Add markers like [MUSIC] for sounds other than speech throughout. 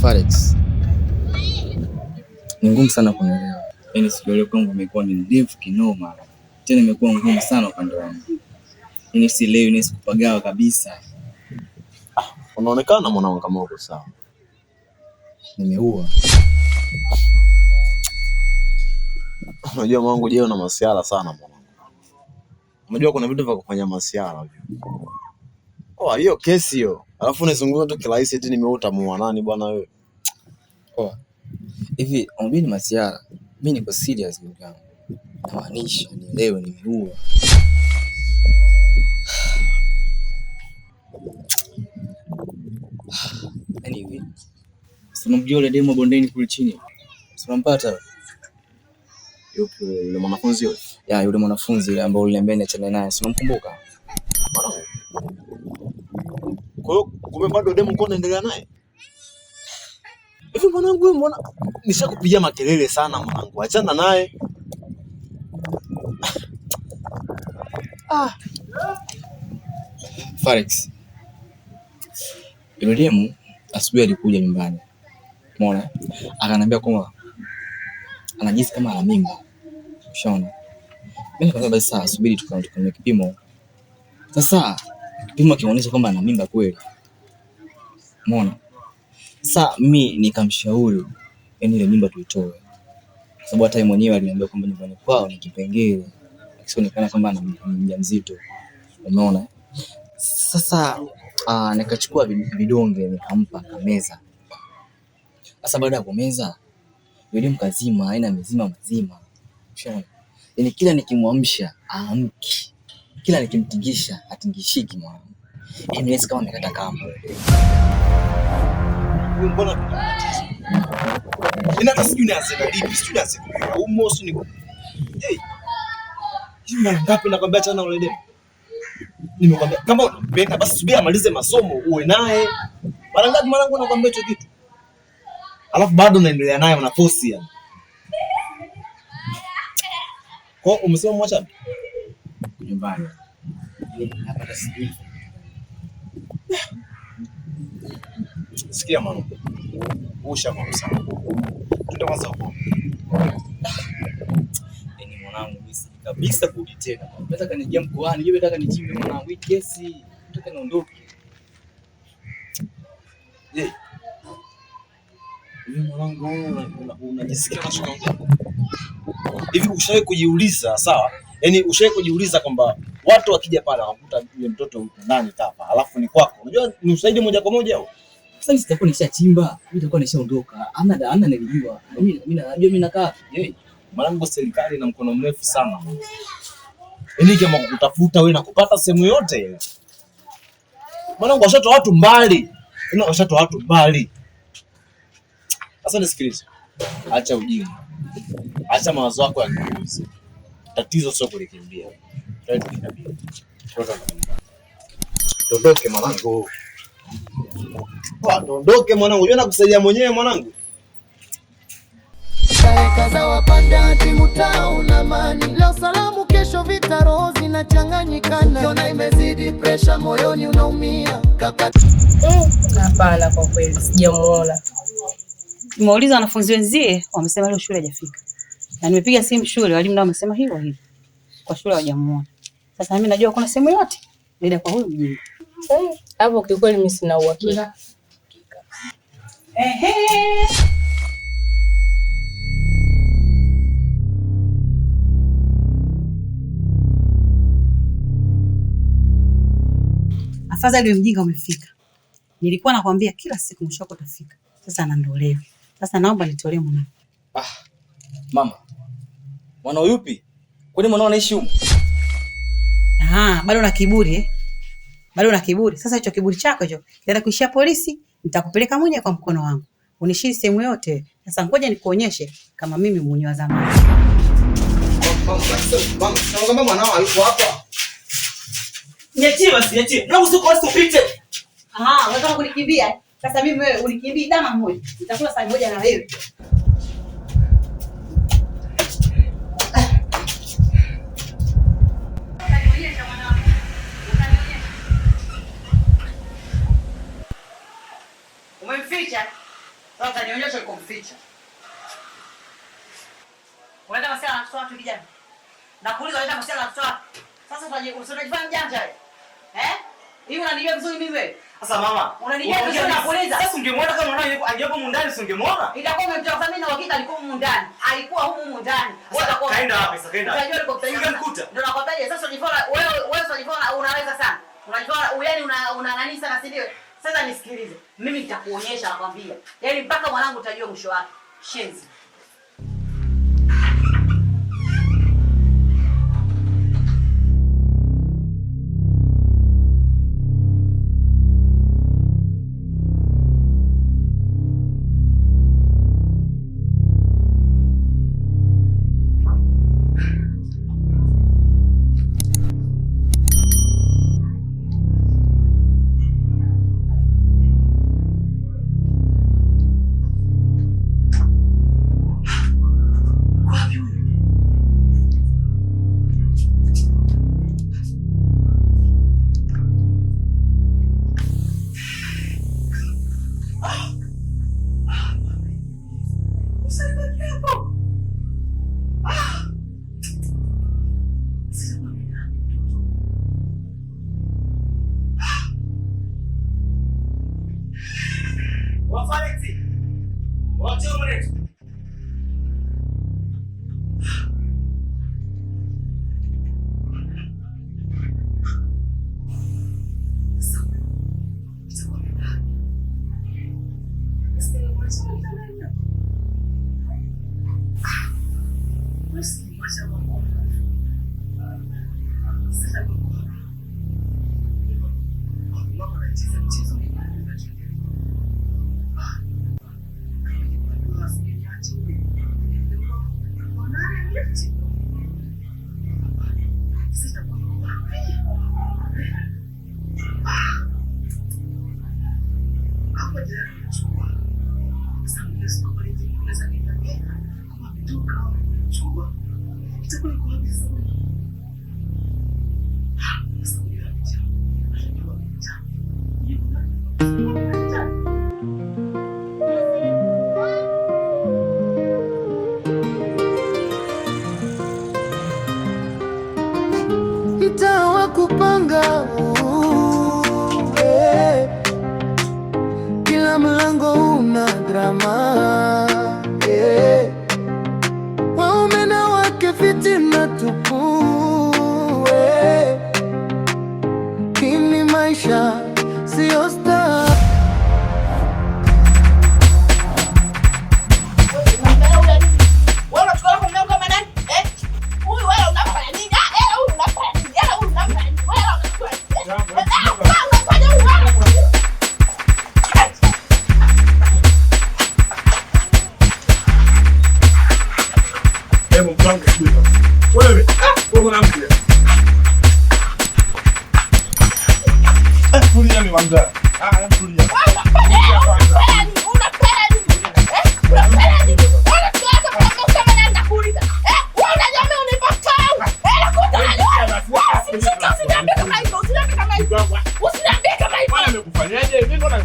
Farex, ni ngumu sana kunielewa. Yaani siku ile kwangu imekuwa ni ndefu kinoma, tena imekuwa ngumu sana upande wangu. Yaani si leo ni yaani sikupagawa kabisa. Ah, unaonekana mwanangu kama uko sawa. Nimeua. Unajua mwanangu, je, na masiara sana mwanangu. Unajua kuna vitu vya kufanya masiara. Oh, hiyo kesi hiyo Alafu unazungumza tu kirahisi eti nimeota utamua nani bwana wewe? Poa. Oh, hivi ombi ni masiara. Mimi niko serious ndugu yangu. Namaanisha nielewe nimeua. [SIGHS] Anyway. Yaani unamjua yule demo bondeni kule chini? mpata. Yupo yule mwanafunzi yule. Ya yule mwanafunzi yule ambaye uliniambia niachane naye. mkumbuka. Kwa hiyo kumbe bado uko unaendelea naye. Hivi mwanangu wewe mbona nishakupigia makelele sana mwanangu. Achana naye. Ah. ah. Yule asubuhi alikuja nyumbani. Umeona? Akaniambia kwamba anajisikia kama ana mimba. Ushaona? Mimi nikamwambia basi sawa, subiri tukaone kipimo. Sasa kipimo kinaonyesha kwamba ana mimba kweli. Mona. sa mi nikamshauri yani ile nyumba tuitoe, kwa sababu hata yeye mwenyewe aliniambia kwamba nyumbani kwao ni kipengele, akisionekana kwamba ni mjamzito. Umeona? Sasa uh, nikachukua vidonge nikampa kameza. Sasa baada ya kumeza yule mkazima, aina mzima mzima, Yani kila nikimwamsha aamki, kila nikimtingisha atingishiki mwanangu. Anyways, kama amekata yaani kamba kama basi subiri amalize masomo uwe naye. Mara ngapi mwanangu nakwambia hicho kitu, alafu bado naendelea naye, unafosi ya Kwa umesema mwacha nyumbani, napata sijui Sikia mama, usha kwa tuta kwanza huko. Ni mwanangu misi kabisa kurudi tena, nataka nijia mkoani, je, nataka nijimbe mwanangu, hii kesi nataka niondoke. Je, ni mwanangu, unajisikia unachokiongea hivi? Ushawahi kujiuliza sawa, yani ushawahi kujiuliza kwamba watu wakija pale wakuta yule mtoto yuko ndani hapa, alafu ni kwako, unajua ni usaidi moja kwa moja. Sasa mimi sitakuwa nishachimba, mimi nitakuwa nishaondoka, amna ana nilijua mimi mimi najua mimi nakaa mwanangu. Serikali na mkono mrefu sana, ili yaani kama kukutafuta wewe na kupata sehemu yote, mwanangu washatoa watu mbali, ina yaani washatoa watu mbali. Sasa nisikilize, acha ujinga, acha mawazo yako ya kiuzi, tatizo sio kulikimbia Dondoke mwanangu, dondoke mwanangu, jua nakusaidia mwenyewe mwanangu. Kaza wapanda timu tao na mani, leo salamu, kesho vita, roho zinachanganyikana, ona imezidi presha, moyoni unaumia kaka. Eh, hapana, kwa kweli sijamuona. Nimeuliza wanafunzi wenzie, wamesema leo shule hajafika, na nimepiga simu shule, walimu nao wamesema hivyo hivyo, kwa shule hawajamuona. Sasa mimi najua kuna sehemu yote nenda kwa huyu mjinga eh, hapo. Kiukweli mimi sina uhakika. Ehe. Afadhali mjinga umefika. Nilikuwa nakwambia kila siku mwisho wako utafika. Sasa anandolewa. Sasa naomba nitolee mwanangu. Ah, mama. Mwanao yupi? Kwani mwanao anaishi huko? Aha, bado una kiburi eh? Bado una kiburi. Sasa hicho kiburi chako hicho kitaenda kuishia polisi, nitakupeleka mwenyewe kwa mkono wangu. Unishii sehemu yote. Sasa ngoja nikuonyeshe kama mimi mwenye wa zamani. hapa. Niachie niachie. basi, basi Na usiku upite. Aha, unataka kunikimbia? Sasa mimi wewe unikimbia dama mmoja. Nitakula saa moja na wewe. kumficha. Sasa nionyeshe ulikomficha. Unaenda masuala ya mtoto kijana. Na kuuliza unaenda masuala ya mtoto wako. Sasa unajifanya mjanja eh? Eh? Hivi unanijua vizuri mimi wewe. Sasa mama, unanijua vizuri na kuuliza. Sasa ungemwona kama unaona yuko humu mundani usingemwona? Itakuwa umemtoa sasa mimi na wakati alikuwa mundani. Alikuwa humu mundani. Sasa kaenda wapi? Sasa kaenda. Unajua alikokuta. Ungemkuta. Ndio nakwambia sasa unajifanya wewe wewe unajifanya unaweza sana. Unajua yaani una una nani sana si ndio? Sasa nisikilize mimi, nitakuonyesha nakwambia, yaani mpaka mwanangu utajua mwisho wake. Shenzi. Просто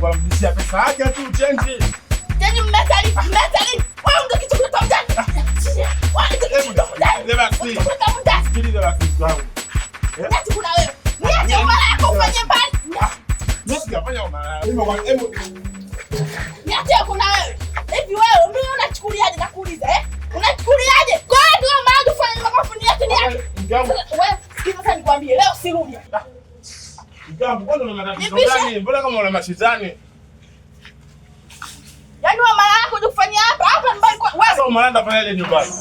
wanamlizia pesa aje tu change. Mbona kama una Yaani wewe mara yako hapa hapa kwa wewe. Sasa nyumbani.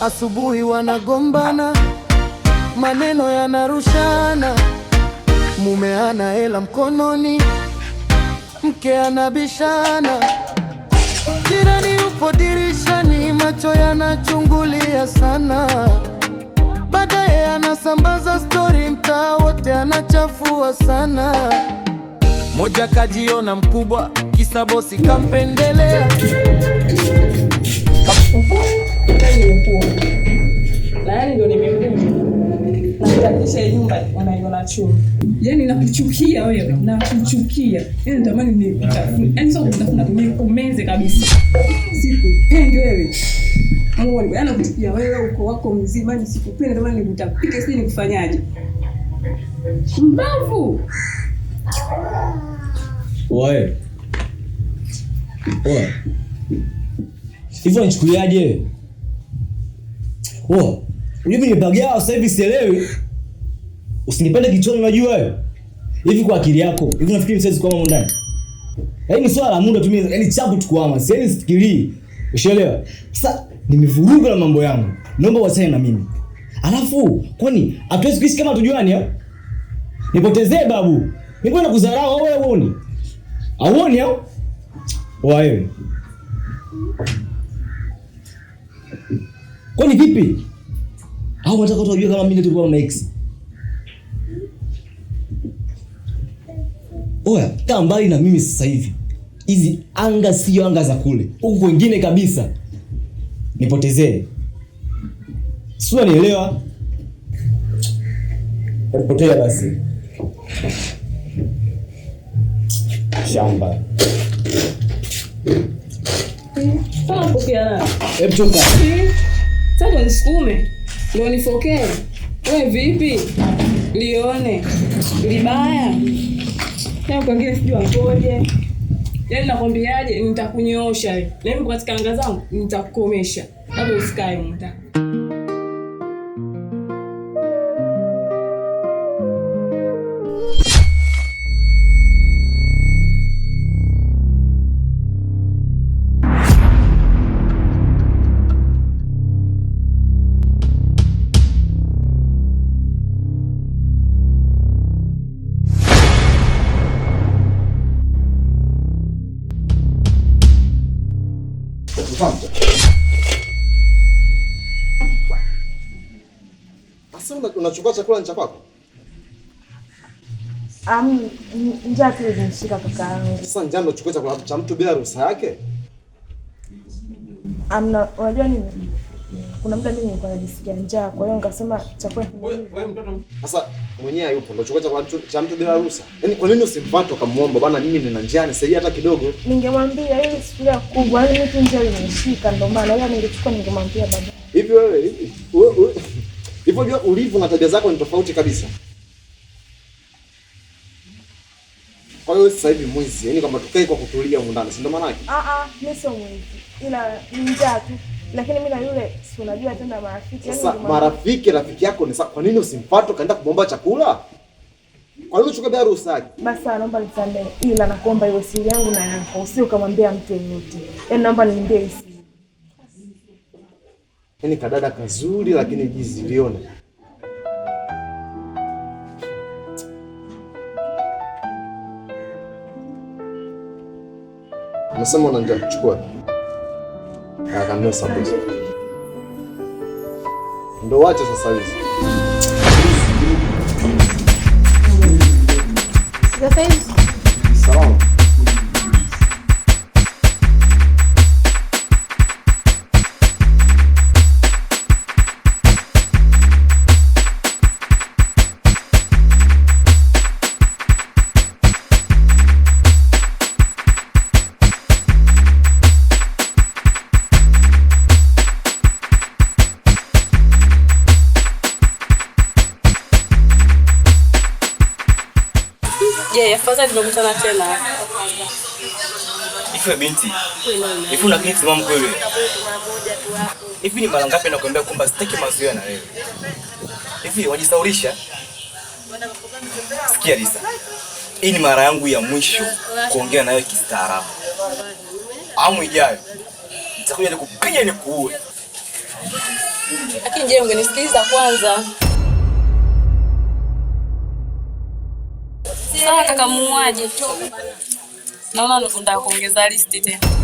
Asubuhi wanagombana, maneno yanarushana, mume ana hela mkononi, mke anabishana, jirani yupo dirishani, macho yanachungulia sana Anasambaza stori mtaa wote, anachafua sana. Moja kajiona mkubwa, kisa bosi kampendelea Yani nakuchukia wewe, nakuchukia. Yani natamani nikutafune, yani sio kutafuna, nikumeze kabisa. Sikupendi wewe muone, yaani wewe uko wako mzima, nisikupende ndio maana sijui nikufanyaje. Mbavu. Wae. Wae. Hivyo nichukuliaje? mimi ni sasa hivi sielewi. Usinipende kichoni unajua wewe. Hivi kwa akili yako, hivi unafikiri siwezi kuama ndani? Yaani swala la muda tu mimi, yaani tukuama, siwezi sifikiri. Ushielewa? Sasa nimevuruga na mambo yangu, naomba wasiliane na mimi. Alafu kwani hatuwezi kuishi kama tujuani? Eh? Nipotezee babu, nilikuwa nakudharau wewe, uoni auoni eh? au wae? Kwani vipi? Au nataka watu kama mimi tulikuwa na ex? Oya, kaa mbali na mimi sasa hivi. Hizi anga sio anga za kule, huku kwengine kabisa nipotezee Si unanielewa? Nipotea basi shamba sasa nisukume ndio nifokee. Wewe vipi? Lione libaya. Kwa sijua sijui angoje yani nakwambiaje, nitakunyoosha leo yaani katika anga zangu, nitakukomesha hapo, usikae mtaka kwa chakula ni cha kwako? Um, njaa tu ilinishika kaka yangu. Sasa njaa ndio chukua chakula cha mtu bila ruhusa yake? Amna, unajua Kuna muda mimi nilikuwa najisikia njaa, kwa hiyo nikasema chakula. Wewe mtoto sasa mwenyewe hayupo, ndio chukua chakula cha mtu bila ruhusa. Yaani kwa nini usimpate ukamwomba bana, mimi nina njaa, nisaidie hata kidogo. Ningemwambia yaani kubwa, yaani njaa ndio maana yeye yaani ningechukua ningemwambia baba. Hivi wewe hivi? Wewe Hivyo jua ulivyo na tabia zako ni tofauti kabisa. Kwa hiyo sasa hivi mwizi, yani kwamba tukae kwa kutulia huko ndani, si ndo maana yake? Ah ah, mimi sio mwizi. Ila ni njaa tu. Lakini mimi na yule si unajua tena marafiki. Yaani sasa marafiki rafiki yako ni sasa kwa nini usimfuate kaenda kumomba chakula? Kwa hiyo chukua bila ruhusa yake? Basi naomba nisamee. Ila nakuomba iwe siri yangu na yako. Usio kamwambia mtu yeyote. Yaani naomba niambie Yaani kadada kazuri, lakini jizi liona Nasema unaenda kuchukua. Akaambia sabuzi. Ndo wacha sasa hizi. Sasa hizi. wewe binti. Hivi una kitu timamu kweli? Hivi ni mara ngapi nakwambia kwamba sitaki mazoea na wewe? Hivi wajisaulisha? Sikia Lisa. Hii ni mara yangu ya mwisho kuongea na wewe kistaarabu. Amu ijayo nitakuja nikupiga nikuue. Lakini je, ungenisikiliza kwanza? Sawa kaka muuaji Naona unataka kuongeza listi tena.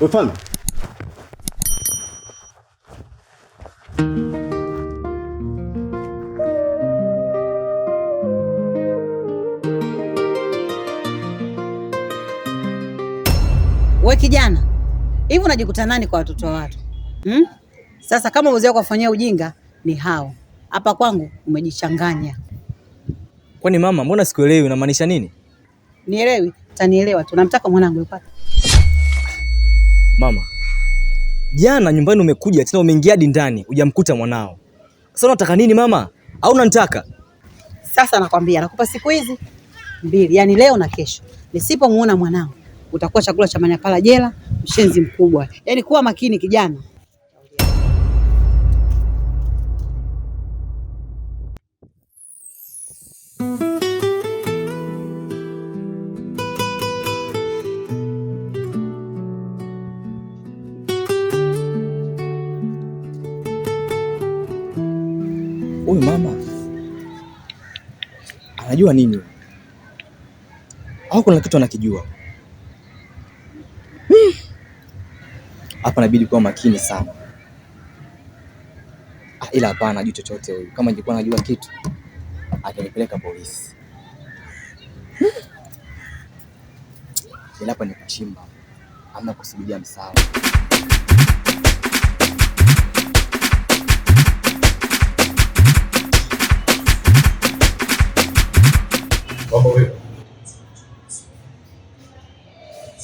Mfalme, we kijana, hivi unajikuta nani kwa watoto wa watu hmm? Sasa kama uzia kuwafanyia ujinga ni hao hapa kwangu, umejichanganya. Kwani mama, mbona sikuelewi? Unamaanisha nini? Nielewi, tanielewa tu. Namtaka mwanangu yupate mama, jana nyumbani umekuja tena umeingia hadi ndani hujamkuta mwanao. Sasa unataka nini mama? Au unanitaka sasa? Nakwambia nakupa siku hizi mbili, yani leo na kesho. Nisipomuona mwanao utakuwa chakula cha manyapala jela, mshenzi mkubwa. Yani kuwa makini kijana. anajua nini au kuna kitu anakijua? Hmm. Hapa inabidi kuwa makini sana. Ah, ila hapana, ajui chochote huyu. Kama ingekuwa anajua kitu akinipeleka polisi. Hmm. Ila hapa ni kuchimba ama kusubiria msaada. Mambo vipi?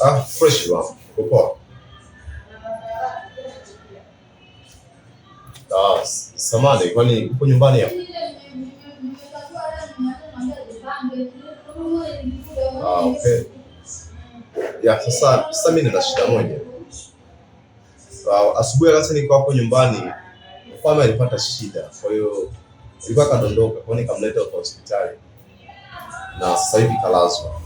Ah, fresh bwana. Upo? Ah, samani, kwani uko nyumbani hapo? Ah, okay. Ya, sasa sasa mimi nina shida moja. Ah, asubuhi wakati niko hapo nyumbani mfano alipata shida, kwa hiyo ilikuwa kadondoka, kwa hiyo nikamleta kwa hospitali na sasa hivi kalazwa.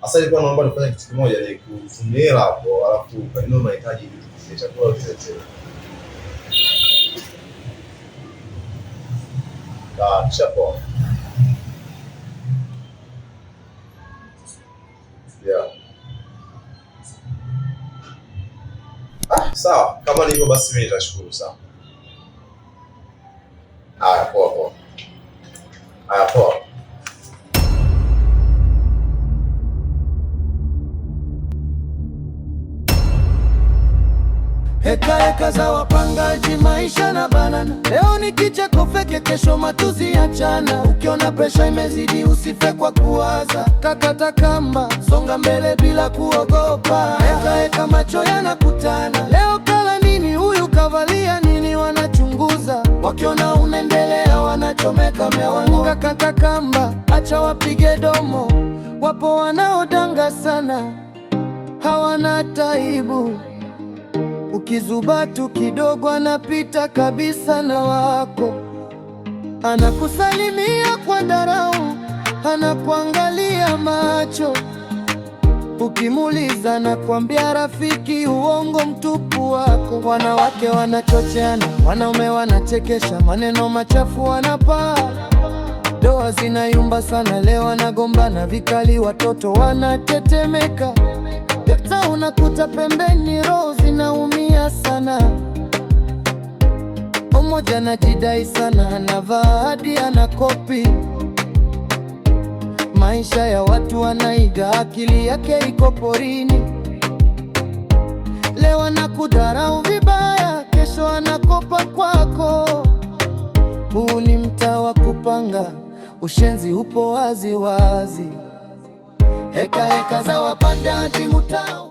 Sasa ilikuwa naomba nifanye kitu kimoja, ni kutumia hapo, alafu kainua mahitaji ya chakula chochote. Chapo. Ah, yeah. Ah, sawa kama ndivyo basi mimi nitashukuru sana. sana. Leo ni kicheko feke, kesho matuzi chana Ukiona presha imezidi, usife kwa kuwaza, kakata kamba, songa mbele bila kuogopa. Eka eka, macho yanakutana. Leo kala nini, huyu kavalia nini, wanachunguza. Wakiona unaendelea, wanachomeka mewango, kakata kamba, acha wapige domo. Wapo wanaodanga sana, hawana taibu. Ukizubatu kidogo anapita kabisa na wako, anakusalimia kwa dharau, anakuangalia macho. Ukimuuliza anakuambia rafiki, uongo mtupu wako. Wanawake wanachocheana, wanaume wanachekesha, maneno machafu wanapaa, doa zinayumba sana. Leo anagombana vikali, watoto wanatetemeka, hata unakuta pembeni roho zinaumia sana, umoja anajidai sana, anavaa hadi anakopi maisha ya watu, anaiga akili yake iko porini. Leo anakudharau vibaya, kesho anakopa kwako. Huu ni mtaa wa kupanga, ushenzi upo wazi wazi, heka heka za wapandaji mtao